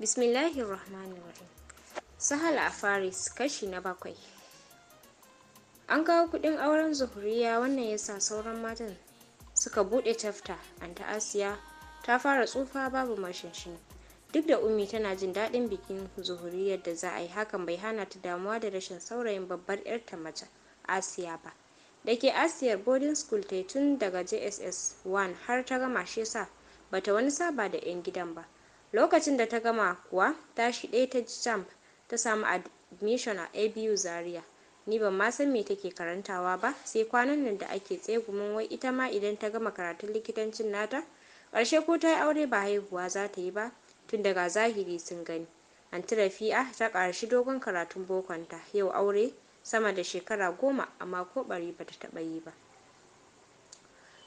bismillahir rahmanir rahim sahal a faris kashi na bakwai an kawo kudin auren zuhuriya wannan ya sa sauran matan suka bude tafta an ta asiya ta fara tsufa babu mashinshi duk da ummi tana jin daɗin bikin zuhuriyar da za a yi hakan bai hana ta damuwa da rashin saurayin babbar 'yarta mace asiya ba da ke asiyar boarding school ta tun daga jss 1 har ta gama shi sa bata wani saba da 'yan gidan ba lokacin da ta gama kuwa tashi ɗaya ta ji jamb ta samu admission a abu zaria ni ban ma san me take karantawa ba sai kwanan nan da ake tsegumin wai ita ma idan ta gama karatun likitancin nata ƙarshe ko ta yi aure ba haihuwa za ta yi ba tun daga zahiri sun gani anti rafi'a ta ƙarshi dogon karatun bokonta yau aure sama da shekara goma amma ko ɓari ba ta taɓa yi ba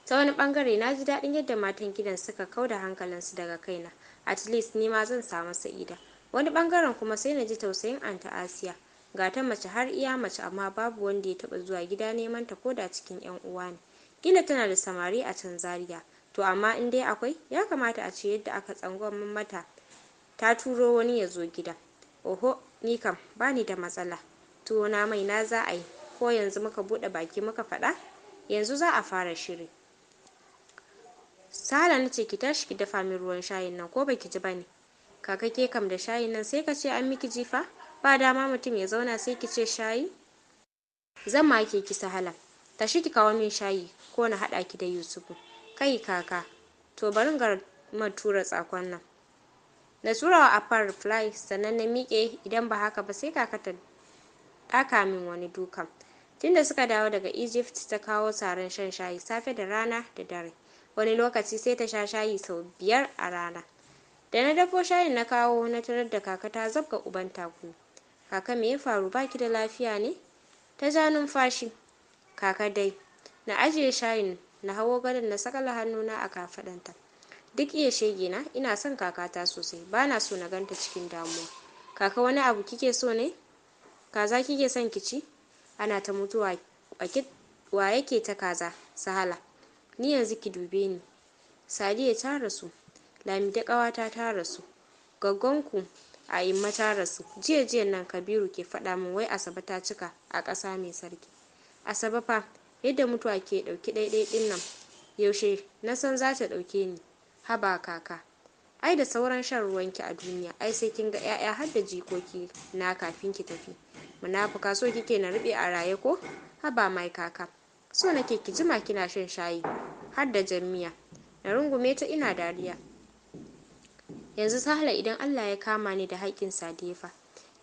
ta wani bangare na ji daɗin yadda matan gidan suka kau da hankalinsu daga kaina at least ni ma zan samu sa'ida wani bangaren kuma sai na ji tausayin anta asiya ga ta mace har iya mace amma babu wanda ya taba zuwa gida neman ta ko da cikin yan uwa ne kila tana da samari a can zaria to amma in dai akwai ya kamata a ce yadda aka tsangwamin mata ta turo wani ya zo gida oho ni kam bani da matsala tuwo na mai na za a yi ko yanzu muka buɗe baki muka faɗa yanzu za a fara shiri Sala na ce ki tashi ki dafa min ruwan shayin nan ko baki ji bane. Kaka ke kam da shayin nan sai ka ce an miki jifa? Ba dama mutum ya zauna sai ki ce shayi? Zan ma ke ki sahala. Tashi ki kawo min shayi ko na haɗa ki da Yusufu. Kai kaka, to barin ga tura tsakon nan. Na tura wa Afar fly sannan na miƙe idan ba haka ba sai kaka ta ɗaka min wani dukan. Tunda suka dawo daga Egypt ta kawo taron shan shayi safe da rana da dare. wani lokaci sai ta sha shayi sau biyar a rana da na dafo shayin na kawo na tarar da kaka ta zabga uban taku kaka me ya faru baki da lafiya ne ta ja numfashi kaka dai na ajiye shayin na hawo gadon na sakala hannuna a kafaɗanta duk iya shege na ina son kakata sosai Ba na so na ganta cikin damuwa kaka wani abu kike so ne kaza kike son ki ci ana ta mutuwa wa yake ta kaza sahala ni yanzu ki dube ni sadiya ta rasu Lami da ƙawata ta rasu gaggonku a imma ta rasu jiya jiyan nan kabiru ke faɗa min wai asabe ta cika a ƙasa mai sarki asabe fa yadda mutuwa ke ɗauki ɗaiɗai ɗin nan yaushe na san za ta ɗauke ni haba kaka ai da sauran shan ruwan ki a duniya ai sai kin ga 'ya'ya har da jikoki na kafin ki tafi munafuka so kike na ruɓe a raye ko haba mai kaka so nake ki jima kina shan shayi har da miya na rungume ta ina dariya yanzu sahla idan allah ya kama ni da haƙƙin fa.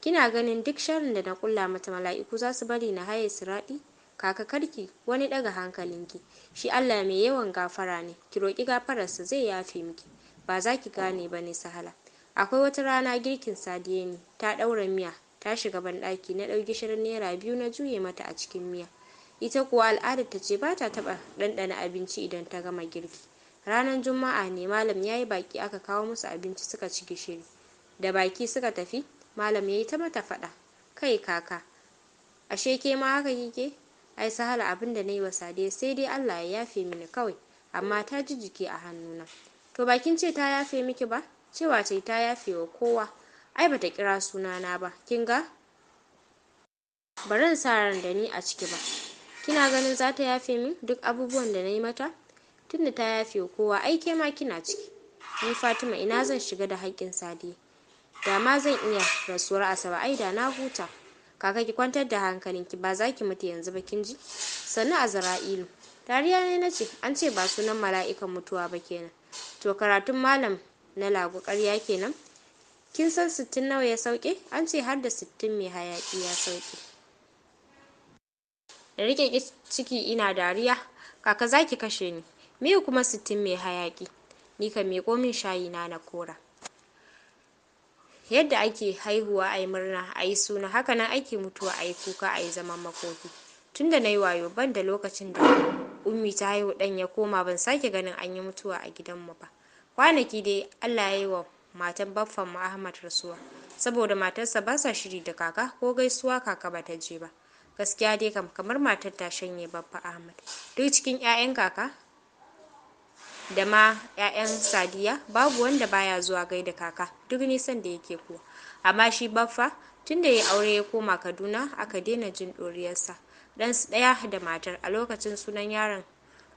kina ganin duk sharrin da na kulla mata mala'iku za su bari na haye siraɗi kaka karki wani ɗaga hankalinki shi allah mai yawan gafara ne ki roƙi gafararsa zai yafe miki ba za ki gane ba ne sahala akwai wata rana girkin sadiya ta ɗaura miya ta shiga banɗaki na ɗau gishirin naira biyu na juye mata a cikin miya ita kuwa al'adar ta ce bata taɓa ɗanɗana abinci idan ta gama girki ranar juma'a ne malam yayi baki aka kawo musu abinci suka ci gishiri da baki suka tafi malam yayi ta mata faɗa kai kaka ashe ke ma haka kike ai sahala abin da yi wa sadiya sai dai Allah ya yafe mini kawai amma ta ji jiki a hannuna to bakin ce ta yafe miki ba cewa ce ta yafe wa kowa ai bata kira sunana ba kin ga baran sa ran da ni a ciki ba kina ganin za ta yafe min duk abubuwan da na yi mata tunda ta yafe kowa ai ke ma kina ciki ni fatima ina zan shiga da haƙƙin sadiya da ma zan iya rasuwar asabe ai da na huta kaka ki kwantar da hankalinki ba za ki mutu yanzu ba kin ji sannu azra'ilu dariya ne na ce an ce ba sunan mala'ikan mutuwa ba kenan to karatun malam na lagu ƙarya kenan kin san sittin nawa ya sauke an ce har da sittin mai hayaƙi ya sauke da rike ciki ina dariya kaka zaki kashe ni me kuma sittin mai hayaki ni ka miƙo min shayi na na kora yadda ake haihuwa a murna a suna haka nan ake mutuwa a kuka a yi zaman makoki tunda na yi wayo ban da lokacin da ummi ta haihu dan ya koma ban sake ganin an yi mutuwa a gidanmu ba kwanaki dai allah ya yi wa matan baffan mu ahmad rasuwa saboda matarsa ba sa shiri da kaka ko gaisuwa kaka ba ta je ba gaskiya dai kam kamar matar ta shanye babba ahmad duk cikin 'ya'yan kaka da ma 'ya'yan sadiya babu wanda baya zuwa gaida kaka duk nisan da yake kuwa amma shi baffa tun da ya aure ya koma kaduna aka daina jin ɗoriyarsa su ɗaya da matar a lokacin sunan yaron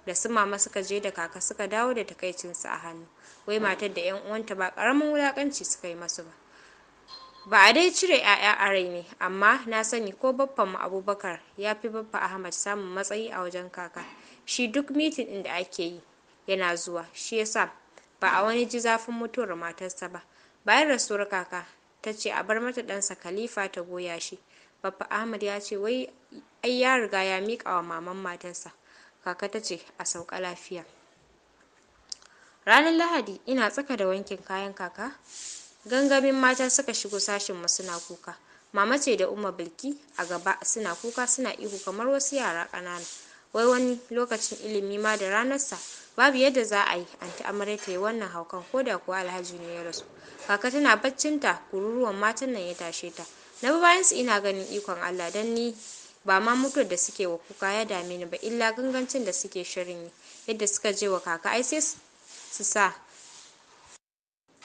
da su mama suka je da kaka suka dawo da takaicinsu a hannu wai matar da 'yan uwanta ba ƙaramin wulaƙanci suka yi masu ba ba a dai cire 'ya'ya a rai ne amma na sani ko baffanmu abubakar ya fi baffa ahmad samun matsayi a wajen kaka shi duk mitin ɗin da ake yi yana zuwa shi yasa ba a wani ji zafin mutuwar matarsa ba bayan rasuwar kaka ta ce a bar mata ɗansa khalifa ta goya shi baffa ahmad ya ce wai ai ya riga ya miƙa wa maman matarsa kaka ta ce a sauka lafiya ranar lahadi ina tsaka da wankin kayan kaka gangamin mata suka shigo sashinmu suna kuka mama ce da umma bilki a gaba suna kuka suna ihu kamar wasu yara ƙanana wai wani lokacin ilimi ma da ranarsa babu yadda za a yi anti amare ta yi wannan haukan ko da kuwa alhaji ne ya rasu kaka tana baccinta kururuwan matan nan ya tashe ta na bi bayansu ina ganin ikon allah don ni ba ma mutuwar da suke wa kuka ya dame ni ba illa gangancin da suke shirin yi yadda suka je wa kaka ai sai su sa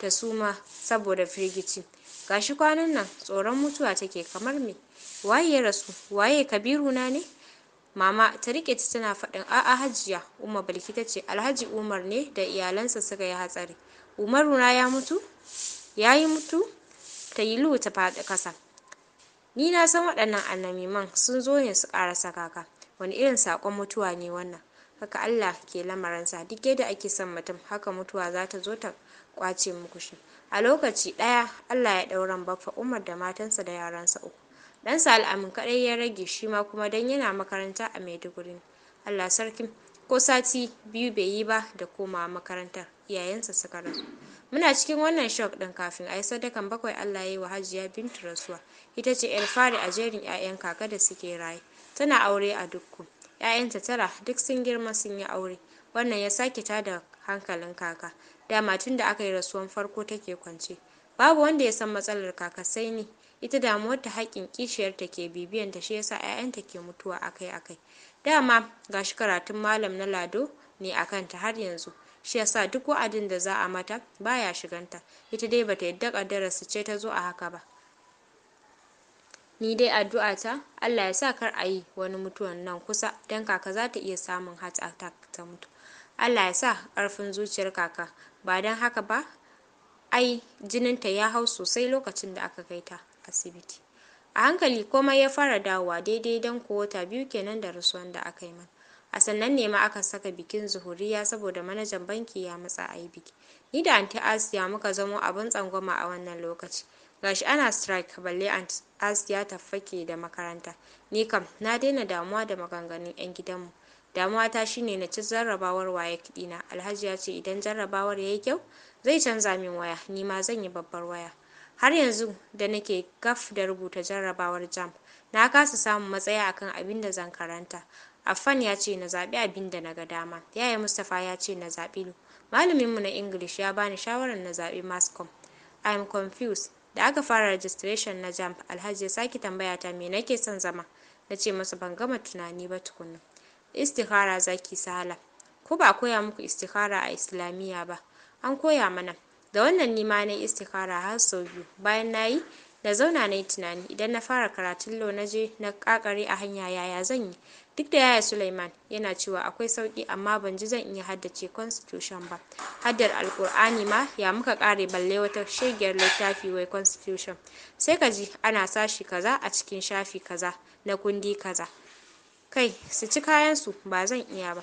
ta suma saboda firgici gashi kwanan nan tsoron mutuwa take kamar me waye ya rasu waye kabiru na ne mama ta rike ta tana faɗin a'a hajiya umma balki ta ce alhaji umar ne da iyalansa suka yi hatsari umaru na ya mutu ya yi mutu ta yi ta faɗi kasa ni na san waɗannan annamiman sun zo ne su karasa kaka wani irin saƙon mutuwa ne wannan haka allah ke lamarinsa duk yadda ake son mutum haka mutuwa za ta zo ta kwace muku shi a lokaci ɗaya allah ya ɗauran baffa umar da matansa da yaransa uku ɗansa al'amin kadai ya rage shi ma kuma dan yana makaranta a maiduguri allah sarkin ko sati biyu bai yi ba da koma makarantar iyayensa suka rasu muna cikin wannan shock ɗin kafin a yi sadakan bakwai allah ya yi wa hajiya bintu rasuwa ita ce yar fari a jerin ƴaƴan kaka da suke raye tana aure a dukku Ƴaƴanta tara duk sun girma sun yi aure wannan ya sake tada hankalin kaka dama tun da aka yi rasuwan farko take kwance babu wanda ya san matsalar kaka sai ni ita damuwar ta haƙƙin kishiyar ta ke bibiyan ta shi yasa ƴaƴanta ke mutuwa akai akai dama gashi karatun malam na lado ne akan ta har yanzu shi yasa duk wa'adin da za a mata baya shiganta ita dai bata yadda ƙaddarar su ce ta zo a haka ba ni dai addu'a ta Allah ya sa kar a yi wani mutuwan nan kusa dan kaka za ta iya samun heart attack ta mutu Allah ya sa ƙarfin zuciyar kaka ba don haka ba ai jininta ya hau sosai lokacin da aka kai ta asibiti a hankali komai ya fara dawowa daidai don kowata biyu kenan da rasuwan da aka yi mana a sannan ne ma aka saka bikin zuhuriya saboda manajan banki ya matsa a yi biki ni da anti asiya muka zamo abin tsangwama a wannan lokaci gashi ana strike balle anti asiya ta fake da makaranta ni kam na daina damuwa da maganganun 'yan gidanmu damuwa damuwata shine na ci jarrabawar waye ɗina alhaji ya ce idan jarrabawar yayi kyau zai canza min waya ni ma zan yi babbar waya har yanzu da nake gaf da rubuta jarrabawar jam na kasa samun matsaya akan abin da zan karanta affan ya ce na zaɓi abin da na ga dama yaya mustapha ya ce na zaɓi lu malaminmu na english ya bani shawarar na zaɓi mascom i am confused da aka fara registration na jamb alhaji ya sake tambaya ta me nake son zama na ce masa ban gama tunani ba tukunna istikhara zaki sahala ko ba a koya muku istikhara a islamiyya ba an koya mana da wannan ni ma na istikhara har sau biyu bayan na yi na zauna na yi tunani idan na fara karatun lo na je na kakare a hanya yaya zan yi duk da yaya suleiman yana cewa akwai sauki amma ban ji zan iya haddace constitution ba haddar alkur'ani ma ya muka kare balle wata shegiyar littafi wai constitution sai kaji ana sashi kaza a cikin shafi kaza na kundi kaza kai su ci kayansu ba zan iya ba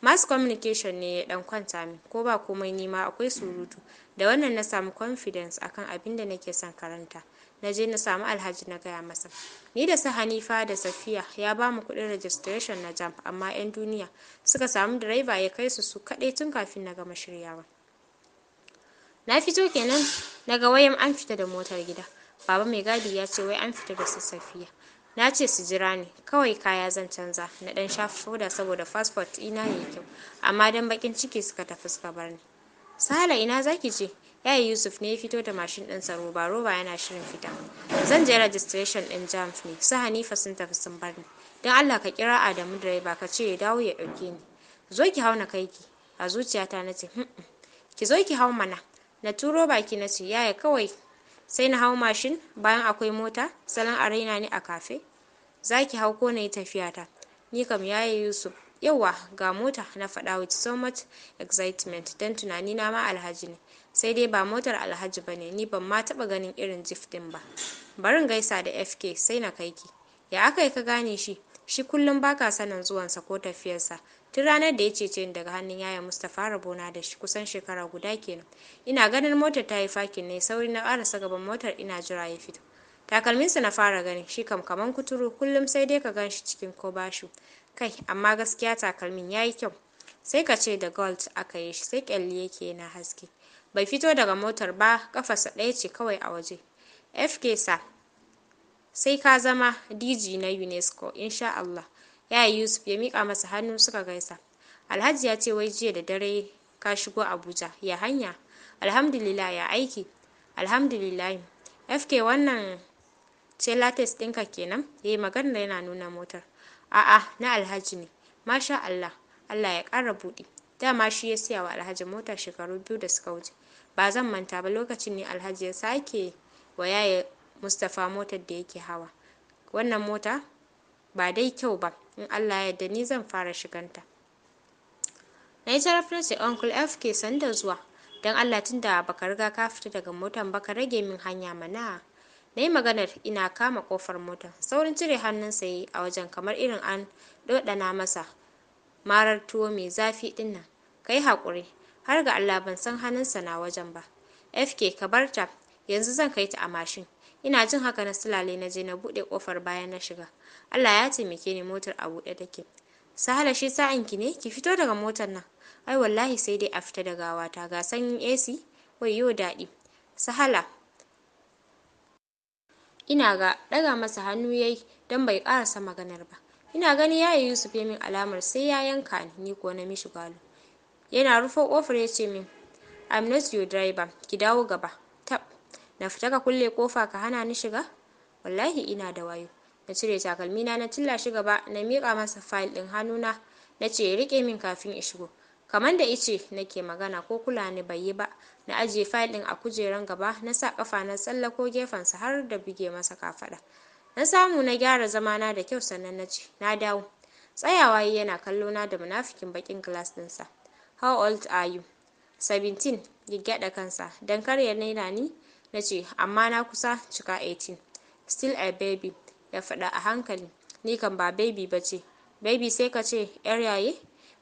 mass communication ne ya ɗan kwanta min ko ba komai nima akwai surutu da wannan na samu confidence akan abin da nake son karanta na je na samu alhaji na gaya masa ni da su hanifa da safiya ya ba mu kuɗin registration na jamb amma 'yan duniya suka samu direba ya kai su su kaɗai tun kafin na gama shiryawa na fito kenan na ga wayan an fita da motar gida baba mai gadi ya ce wai an fita da su safiya na ce su jira ni kawai kaya zan canza na ɗan shafa foda saboda fasfot ɗina yayi kyau amma dan bakin ciki suka tafi suka bar ni sala ina zaki je yi yusuf ne ya fito da mashin sa roba roba yana shirin fita zan je registration ɗin jams ne su hanifa sun tafi sun bar ni don allah ka kira adamu direba ka ce ya dawo ya ɗauke ni zo ki hau na kai ki a zuciyata na ce ki zo ki hau mana na turo baki na ce yaya kawai sai na hau mashin bayan akwai mota salon a raina ne a kafe za ki hau ko na yi tafiyata ni kam yi yusuf yauwa ga mota na faɗa with so much excitement don tunani na ma alhaji ne sai dai ba motar alhaji ba ne ni ban ma taɓa ganin irin jif ɗin ba barin gaisa da fk sai na kai ki ya aka yi ka gane shi shi kullum baka sanin zuwansa ko tafiyarsa tun ranar da ya cece ni daga hannun yaya mustapha rabona da shi kusan shekara guda kenan ina ganin motar ta yi fakin ne sauri na ƙarasa gaban motar ina jira ya fito takalminsa na fara gani shi kam kaman kuturu kullum sai dai ka ganshi cikin kobashi kai amma gaskiya takalmin yayi kyau sai ka ce da gold aka yi shi sai kyalli yake na haske bai fito daga motar ba kafasa ɗaya ce kawai a waje fk sa sai ka zama dg na unesco insha allah yayi yusuf ya mika masa hannu suka gaisa alhaji ya ce wai jiya da dare ka shigo abuja ya hanya alhamdulillah ya aiki alhamdulillah fk wannan ce latest ɗinka kenan yayi eh, magana yana nuna motar a'a na alhaji ne masha allah allah ya ƙara buɗi dama shi ya siya wa alhaji mota shekaru biyu da suka wuce ba zan manta ba lokacin ne alhaji ya sake wa yaya mustapha motar da yake hawa wannan mota ba dai kyau ba in allah ya yarda ni zan fara shiganta na yi tarafin sai uncle f ke sanda zuwa don allah tunda da baka riga ka fita daga motan ba ka rage min hanya mana na yi maganar ina kama kofar mota. saurin cire hannunsa ya yi a wajen kamar irin an ɗoɗana masa marar tuwo mai zafi ɗin nan. ka yi haƙuri har ga allah ban san hannunsa na wajen ba fk ka bar ta yanzu zan kai ta a mashin ina jin haka na sulale na je na buɗe kofar bayan na shiga allah ya taimake ni motar a buɗe take sahala shi sa'in ki ne ki fito daga motar nan ai wallahi sai dai a fita da gawata ga sanyin ac wai yo daɗi sahala ina ga ɗaga masa hannu yayi don bai ƙarasa maganar ba ina gani ya yi yusuf ya min alamar sai ya yanka ni ni kuwa na mishi gwalo yana rufe ƙofar ya ce min i'm not your driver ki dawo gaba tab na fita ka kulle ƙofa ka hana ni shiga wallahi ina da wayo na cire takalmina na tilla shi gaba na miƙa masa fayil ɗin hannuna na ce ya riƙe min kafin in shigo kamar da ice nake magana ko kula ni bai yi ba na ajiye fayil ɗin a kujeran gaba na sa ƙafa na tsallako gefensa har da buge masa kafaɗa na samu na gyara zamana da kyau sannan na ce na dawo tsayawa yi yana kallo na da munafikin bakin glass sa how old are you 17 gyaggyaɗa kansa don kar ya naina ni na ce amma na kusa cika 18 still a baby ya faɗa a hankali ni kan ba baby ba ce baby sai ka ce yar yaye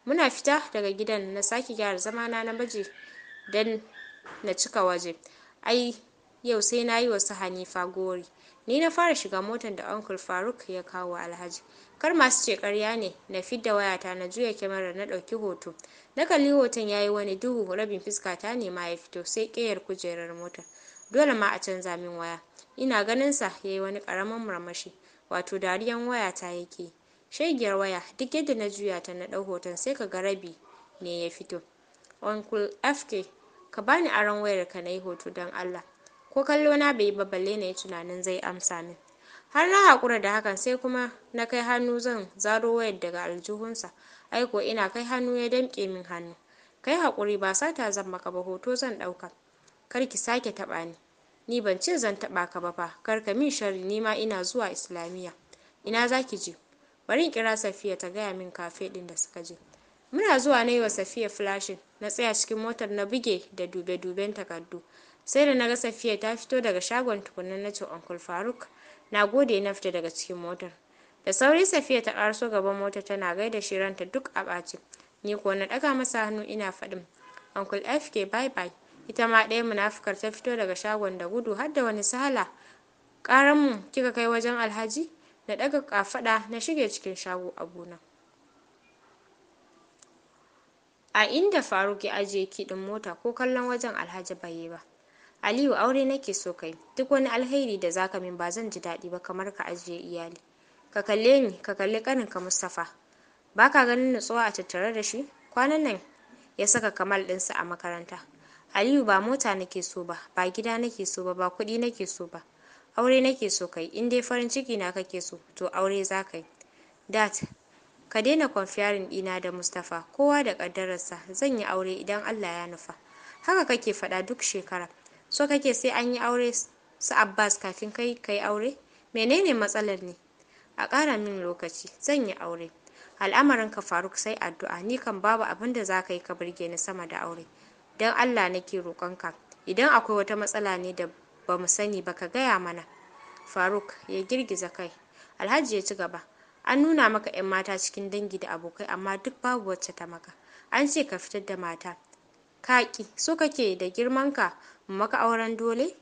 muna fita daga gidan na sake gyara zamana na baje dan. na cika waje ai yau sai na yi wasu hanifa gori ni na fara shiga motar da uncle faruk ya kawo alhaji kar masu ce karya ne na fidda wayata na juya kyamarar na ɗauki hoto na kalli hoton ya yi wani duhu rabin fuska ta ne ma ya fito sai ƙeyar kujerar mota dole ma a canza min waya ina ganin sa ya yi wani ƙaramin murmushi wato dariyan wayata yake shaigiyar waya duk yadda na juya ta na ɗau hoton sai ka ga rabi ne ya fito uncle fk ka bani aron wayar na yi hoto don Allah ko kallo na bai yi ba balle na yi tunanin zai amsa min har na hakura da hakan sai kuma na kai hannu zan zaro wayar daga aljihunsa aiko ina kai hannu ya damƙe min hannu kai haƙuri ba sata zan maka ba hoto zan ɗauka kar ki sake taɓa ni ni ban ce zan taɓa ka ba fa kar ka min sharri ni ma ina zuwa islamiyya ina za ki je bari in kira safiya ta gaya min kafe ɗin da suka je muna zuwa na yi wa safiya flashin na tsaya cikin motar na buge da dube-duben takardu sai da na ga safiya ta fito daga shagon tukunna na ce uncle faruk na gode na fita daga cikin motar da sauri safiya ta karso gaban motar tana gaida shi ranta duk a ni ko na ɗaga masa hannu ina faɗin uncle fk bye bye ita ma ɗaya munafukar ta fito daga shagon da gudu har da wani sahala ƙaranmu kika kai wajen alhaji na ɗaga kafaɗa na shige cikin shago a gona. a inda faruk ya ajiye kiɗin mota ko kallon wajen alhaji bai ba aliyu aure nake so kai duk wani alheri da zaka min ba zan ji daɗi ba kamar ka ajiye iyali ka kalle ni ka kalli ƙaninka mustapha ba ka ganin nutsuwa a tattare da shi kwanan nan ya saka kamal ɗinsa a makaranta aliyu ba mota nake so ba ba gida nake so ba ba kuɗi nake so ba aure nake so kai in dai farin ciki na kake so to aure za ka yi dat Ka daina kwamfiyarin ɗina da Mustapha, kowa da ƙaddararsa, zan yi aure idan Allah ya nufa. Haka kake faɗa duk shekara. So kake sai an yi aure su Abbas kafin kai ka yi aure? Menene matsalar ne? A ƙara min lokaci, zan yi aure. Al'amarin ka Faruk sai addu'a, ni kan babu abin da za ka yi ka burge ni sama da aure. Don Allah nake roƙonka, idan akwai wata matsala ne da ba mu sani ba ka gaya mana. Faruk ya girgiza kai. Alhaji ya ci gaba. an nuna maka 'yan mata cikin dangi da abokai amma duk babu wacce ta maka an ce ka fitar da mata kaki so kake da girmanka maka auren dole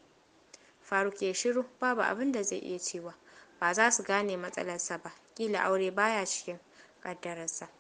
faruk ya shiru babu abin da zai iya cewa ba za su gane matsalarsa ba kila aure baya cikin kaddararsa